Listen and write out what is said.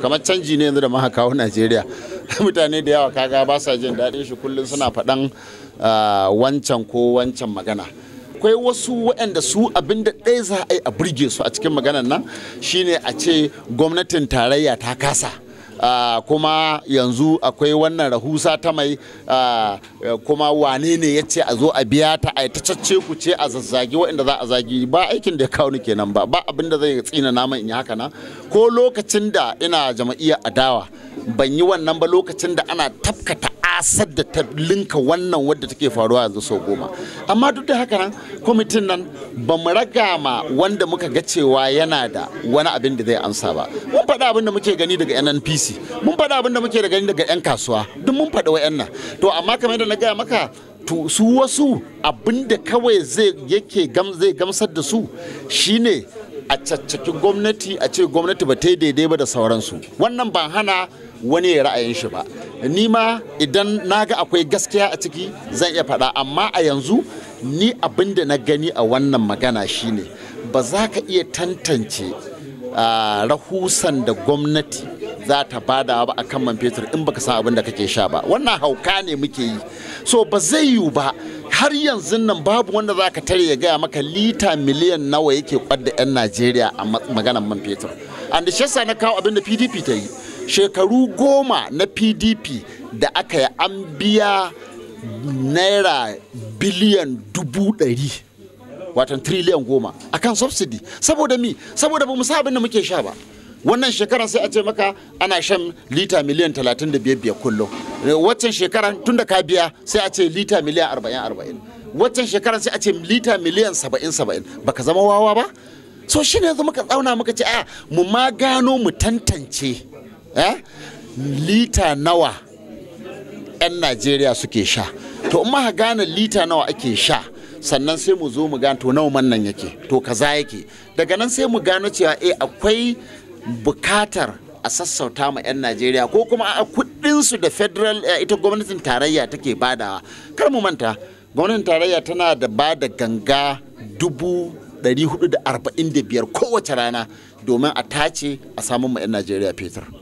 kamar canji ne yanzu da maha kawo najeriya mutane da yawa kaga ba sa jin daɗin shi kullum suna faɗan ah, wancan ko wancan magana akwai wasu waɗanda su abinda ɗaya za a yi a burge su a cikin maganan nan shine a ce gwamnatin tarayya ta kasa Ah, kuma yanzu akwai wannan rahusa ta mai ah, kuma wane ne ya ce a zo a biya ta a ta cacce ku ce a zazzagi waɗanda za a zagi ba aikin da ya kawo ni kenan ba ba abin da zai tsina naman in yi haka na ko lokacin da ina jama'iyyar adawa ban yi wannan ba lokacin da ana tafkata ta'asar da ta linka wannan wadda take faruwa yanzu sau goma amma duk da haka nan kwamitin nan ba mu raga ma wanda muka ga cewa yana da wani abin da zai ansa ba mun faɗa abin da muke gani daga nnpc mun faɗa abin da muke gani daga 'yan kasuwa duk mun faɗa wa'yan nan to amma kamar yadda na gaya maka to su wasu abinda kawai zai yake zai gamsar da su shine a caccaki gwamnati a ce gwamnati ba ta yi daidai ba da sauransu wannan ban hana wani ya ra'ayin shi ba ni ma idan na ga akwai gaskiya a ciki zan iya faɗa amma a yanzu ni abin da na gani a wannan magana shine ba za ka iya tantance ah, rahusan da gwamnati za ta bada ba a kan man fetur in baka san abin da kake sha ba wannan hauka ne muke yi so ba zai yiwu ba har yanzu nan babu wanda za ka tare ya gaya maka lita miliyan nawa yake kwadda 'yan najeriya a maganar man fetur and shi na kawo abin da pdp ta yi shekaru goma na pdp da aka yi an biya naira biliyan dubu ɗari watan triliyan goma a kan subsidy saboda mi saboda ba mu sa abin da muke sha ba wannan shekaran sai a ce maka ana shan lita miliyan 35 kullum waccan shekaran tun da ka biya sai a ce lita miliyan 40-40 waccan shekaran sai a ce lita miliyan 70-70 baka zama wawa ba so shine yanzu muka tsauna muka ce a mu ma gano mu tantance Eh? lita nawa 'yan najeriya suke sha to in ma gane lita nawa ake sha sannan sai mu zo mu gane to nawa man nan yake to kaza yake daga nan sai mu gano cewa eh akwai bukatar a sassauta ma 'yan najeriya ko kuma a kudinsu da federal eh, ita gwamnatin tarayya take badawa kar mu manta gwamnatin tarayya tana da ba da ganga dubu biyar kowace rana domin a tace a samun ma 'yan najeriya fetur.